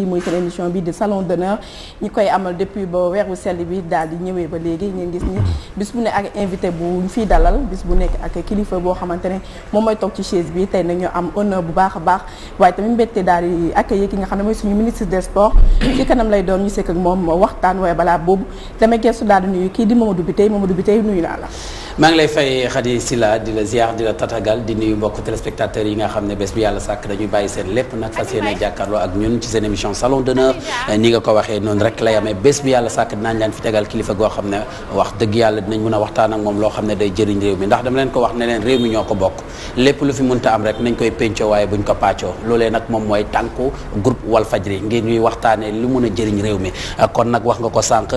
lii muy seen émission bi di salon d'honneur ñi koy amal depuis ba weeru sell bi daal di ñëwee ba léegi ngeen gis ni bis bu ne ak invité bu ñu fiy dalal bis bu nekk ak kilifa boo xamante ne moom mooy toog ci chaise bi tey nag ñu am honneur bu baax a baax waaye tamit mbégte daal di accueillir ki nga xam ne mooy suñu ministre des sports ci kanam lay doon ñu sekk ak moom waxtaan waaye balaa boobu damay gestu daal di nuyu kii di Mamadou Biteye Mamadou Biteye nuyu naa la maa ngi lay fay Khady Sylla di la ziar di la tatagal di nuyu mbokk téléspectateurs yi nga xam ne bés bi yàlla sàkk dañuy bàyyi seen lépp nag fas yéene jàkkaarloo ak ñun ci seen émission salon d'honneur ni nga ko waxee noonu rek lay amee bés bi yàlla sàkk dinañ leen fi tegal kilifa goo xam ne wax dëgg yàlla dinañ mën a waxtaan ak moom loo xam ne day jëriñ réew mi ndax dama leen ko wax ne leen réew mi ñoo ko bokk lépp lu fi mënta am rek nañ koy péncoo waaye buñ ko paccoo loolee nag moom mooy tànku groupe Walfadjri ngir ñuy waxtaane lu mën a jëriñ réew mi kon nag wax nga ko sànq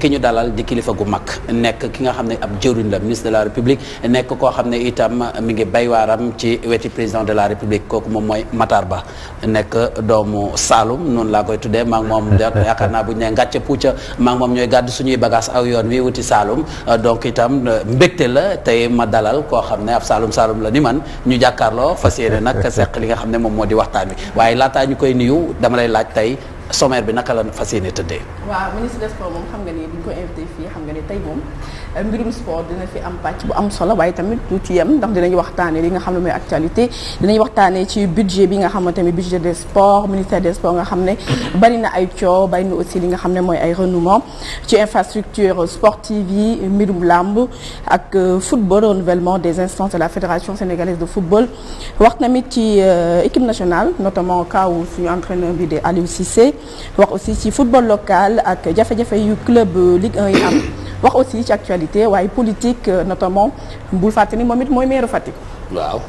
ki ñu dalal di kilifa gu mag nekk ki nga xam ne ab jëriñ la ministre nekk koo xam ne itam mi ngi bay waaram ci weti président de la république kooku moom mooy mataar Ba nekk doomu Saalum noonu laa koy tuddee maa ngi moom yaakaar naa bu ñu nee ngàcce pucca maa ngi moom ñooy gàddu suñuy bagage aw yoon wi wuti Saalum donc itam mbégte la tey ma dalal koo xam ne ab Saalum Saalum la ni man ñu jàkkaarloo fa yéene nag seq li nga xam ne moom moo di waxtaan wi waaye laataa ñu koy nuyu dama lay laaj tey sommaire bi naka la fas yéene tëddee. waaw ministre des sports moom xam nga ni bu ñu invité fii xam nga ne tey moom euh, mbirum sport dina fi am pàcc bu am solo waaye tamit du ci yem ndax dinañu waxtaanee li nga xam ne mooy actualité dinañu waxtaane ci budget bi nga xam ne budget des sports ministère des sports nga xam ne bari na ay coow bari na aussi li nga xam ne mooy ay renouement ci infrastructure sportive yi mbirum làmb ak euh, football renouvellement des instances de la fédération sénégalaise de football wax tamit ci euh, équipe nationale notamment kaw suñu entraîneur bi de Aliou wax aussi ci football local ak jafe-jafe yu club Ligue 1 yi am wax aussi ci actualité waaye politique notamment bul fàtte ni moom it mooy meeru Fatick. waaw.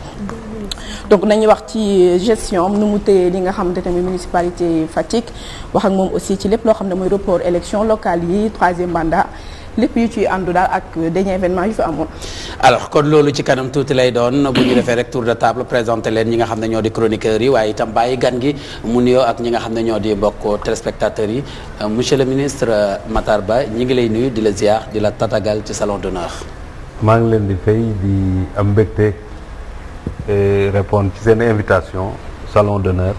donc nañu wax ci gestion am nu mu téye li nga xamante ne municipalité Fatick wax ak moom aussi ci lépp loo xam ne mooy report élection locale yi troisième mandat. lépp yu ciy àndu daal ak dernier événement yu fi amoon. alors kon loolu ci kanam tuuti lay doon bu ñu defee rek de table présenté leen ñi nga xam ne ñoo di chroniqueurs yi waaye itam bàyyi gan gi mu nuyoo ak ñi nga xam ne ñoo di bokk téléspectateurs yi euh, monsieur le ministre euh, Matar Ba ñi ngi lay nuyu di la ziar di la tatagal ci salon d'honneur maa ngi leen di fay di am mbégte répondre ci seen invitation salon d'honneur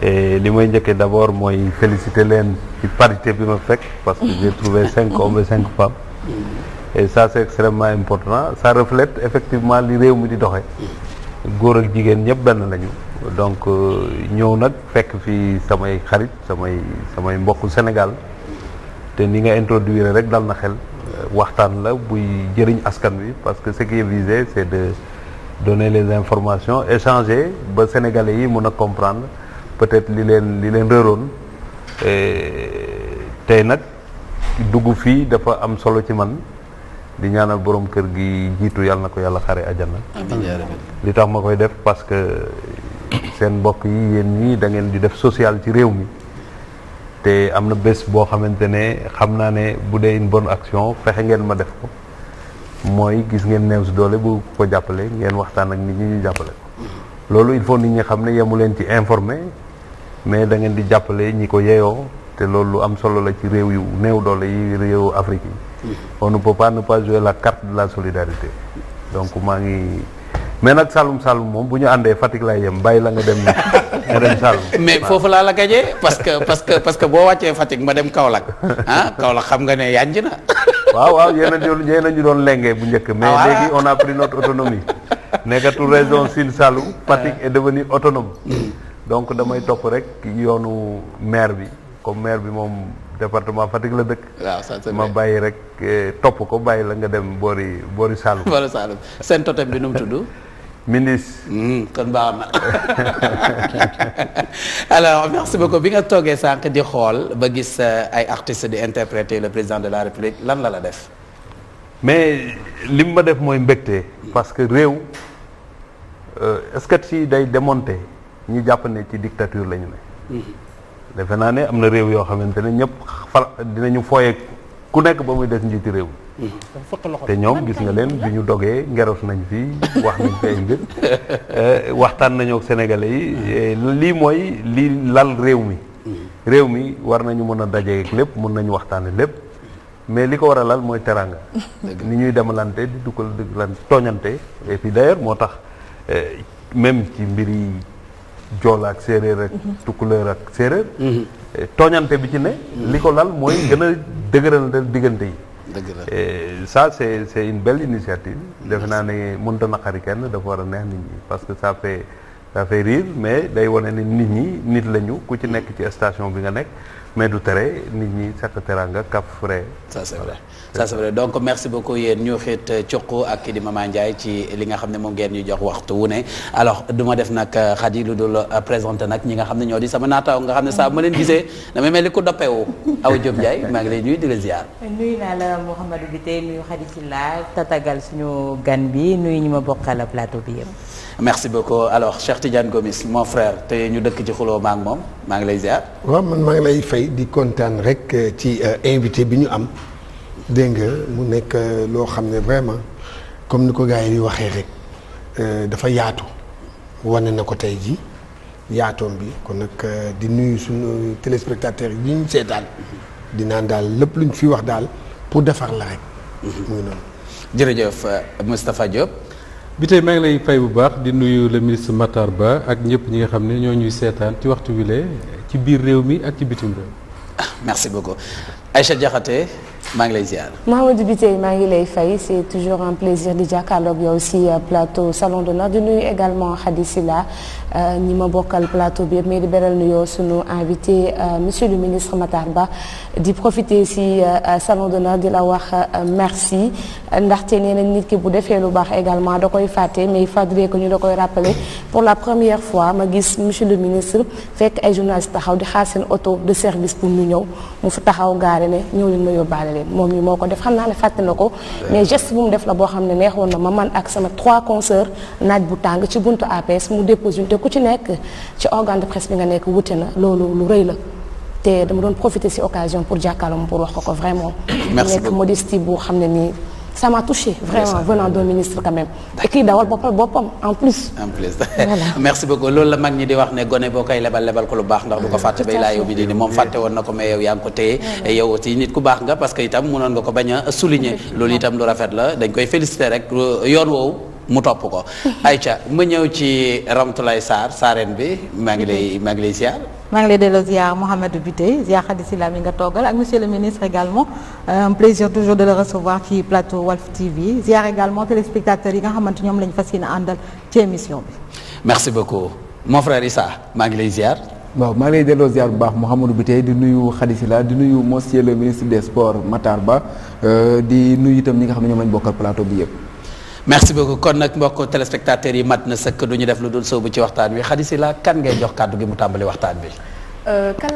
et li may njëkkee d' abord mooy féliciter leen ci parité bi ma fekk parce que j'ai trouvé cinq hommes et cinq femmes et ça c' est extrêmement important ça reflète effectivement li réew mi di doxee góor ak jigéen ñëpp benn lañu donc euh, ñëw nag fekk fi samay xarit samay samay mbokku Sénégal te ni nga introduire rek dal na xel waxtaan la buy jëriñ askan wi parce que ce qui est visé c' est de donner les informations échanger ba sénégalais yi mun a comprendre peut-être li leen li leen réeroon tey nag dugg fii dafa am solo ci man di ñaanal borom kër gi jiitu yàlla na ko yàlla xare àjjana li tax ma koy def parce que seen mbokk yi yéen ñii da ngeen di def social ci réew mi te am na bés boo xamante ne xam naa ne bu dee une bonne action fexe ngeen ma def ko mooy gis ngeen neew si doole bu ko jàppale ngeen waxtaan ak nit ñi ñu jàppale ko loolu il faut nit ñi xam ne yemu leen ci informé mais da ngeen di jàppale ñi ko yeyoo te loolu lu am solo la ci réew yu néew doole yi réewu Afrique yi on ne peut pas ne pas jouer la carte de la solidarité donc maa ngi mais nag Saloum Saloum moom bu ñu àndee Fatick lay yem bàyyi la nga dem nga dem Saloum mais foofu laa la gajee parce que parce que parce que boo wàccee Fatick ma dem Kaolack ah xam nga ne yànj na waaw waaw yéen a yéen a ñu doon lengee bu njëkk mais ah, léegi on a pris notre autonomie nekkatul région Sine Saloum Fatick donc damay topp rek yoonu maire bi comme maire bi moom département Fatick la dëkk. ma bàyyi rek eh, topp ko bàyyi la nga dem boori boori Saloum. boori Saloum seen totem bi nu mu tudd. ministre. Hmm, kon baax na alors merci beaucoup bi nga toogee sànq di xool ba gis eh, ay artistes di interpréter le président de la république lan la la def. mais li ma def mooy mbégte. parce que réew euh, sketch yi day démonter. ñu jàpp ne ci dictature lañu ne. Hmm. defe naa ne am na réew yoo xamante ne ñëpp fal dinañu fooye ku nekk ba muy des njiiti réew. Hmm. te ñoom gis nga leen bi ñu dogee ngeros nañu fi wax nañ fi ay mbir eh, waxtaan nañoo ak sénégalais yi eh, lii mooy lii lal réew mi. Hmm. réew mi war nañu mën a daje ak lépp mën nañu waxtaane lépp mais li ko war a lal mooy teraanga. ni ñuy demalante di dugal dëgg lan tooñante et puis moo tax eh, même ci mbir yi. joola ak séeréer ak mhm. tukkuleer ak séeréer mhm. eh, tooñante bi ci ne mhm. li ko lal mooy gën a dëgëral diggante yi eh, ça c'est c'est une belle initiative defe naa ne mënta naqari kenn dafa war a neex nit ñi parce que ça fait ça fait rire mais day wane ni nit ñi nit lañu ku ci nekk ci station bi nga nekk mais du tere nit ñi sakk teranga cap frais. donc merci beaucoup yéen ñu xit Cuqu euh, ak kii di Mama ci li nga xam ne moom ngeen ñu jox waxtu wu ne alors du def nag euh, Khady lu dul euh, présenté nag ñi nga xam ne ñoo di sama naataaw nga xam ne saa ma leen gisee damay mel ni ku doppewu aw Diop Ndiaye maa ngi lay nuyu di la ziar. nuyu naa la Mouhamadou bi tey nuyu Khady ci laa tatagal suñu gan bi nuyu Tidiane Gomis mon frère te ñu dëkk ci xuloo maa moom maa ngi lay jaar waaw man maa ngi lay fay di kontaan rek eh, ci eh, invité bi ñu am dégg nga mu nekk eh, loo xam ne vraiment comme ni ko gars yi di waxee rek dafa yaatu wane na ko tey ji yaatoom bi kon nag di nuyu suñu téléspectateurs yi ñu seetaan di naan daal lépp luñ fi wax daal pour defar la rek. Mm-hmm. muy noonu. jërëjëf Moustapha Diop. bi tey maa ngi lay fay bu baax di nuyu le ministre Matar Ba ak ñëpp ñi nga xam ne ñoo ñuy seetaan ci waxtu wile ci biir réew mi ak ci bitim réew. Ah, merci beaucoup Aïcha Diakhaté maa ngi lay ziar. Mouhamadou Biteye maa ngi lay fay c' est toujours un plaisir di jàkkaarloog yow si euh, plateau salon d'honneur di nuyu également Khady Sylla euh, ñi ma bokkal plateau bi yëpp mais di beral nuyoo sunu invité euh, monsieur le ministre Matar Ba di profiter si salon d'honneur di la wax merci ndaxte neen na nit ki bu defee lu baax également da koy fàtte mais il faudrait que ñu da koy rappeler. pour la première fois ma gis monsieur le ministre fekk ay journalistes taxaw di xaar seen auto de service pour ñu ñëw mu fa taxaw gaare ne ñëw leen ma yóbbaale leen moom mi moo ko def xam naa ne fàtte na ko mais geste bu mu def la boo xam ne neexoon na ma man ak sama trois consoeurs naaj bu tàng ci buntu APS mu déposé te ku ci nekk ci organe de presse bi nga nekk wute na loolu lu rëy la te dama doon profiter ci occasion pour jàkkaarloo pour wax ko ko vraiment nekk xam ne nii sama m'a touché vraiment venant d'un ministre quand même te kii dawal boppam en plus en plus merci beaucoup loolu la mag ñi di wax ne gone boo koy lebal lebal ko lu baax ndax du ko ah, fàtte bay laa yow mi di ni moom fàtte woon na ko mais yow yaa ngi ku baax nga parce que itam mënoon nga ko bañ a souligner loolu itam lu rafet la dañ koy féliciter rek yoon woow mu topp ko ay ca ma ñëw ci Ramtoulaye saar Sarène bi maa ngi lay maa lay ziar maa ngi lay delloo ziar Mouhamadou Biteye ziar Khady Sylla mi nga toogal ak monsieur le ministre également euh, un plaisir toujours de le recevoir ci plateau Walf TV ziar également téléspectateurs yi nga xamante ñoom la ñu fas yéene àndal ci émission bi. merci beaucoup mon frère Issa maa ngi lay ziar. waaw maa ngi lay delloo ziar bu baax Mouhamadou Biteye di nuyu Khady Sylla di nuyu monsieur le ministre des sports Matar Ba euh, di nuyu itam ñi nga xam ne ñoom lañ bokkal plateau bi yëpp. merci beaucoup kon nag mbokk téléspectateurs yi mat na sëkk du ñu def lu dul soobu ci waxtaan wi xadisi la kan ngay jox kàddu gi mu tàmbali waxtaan bi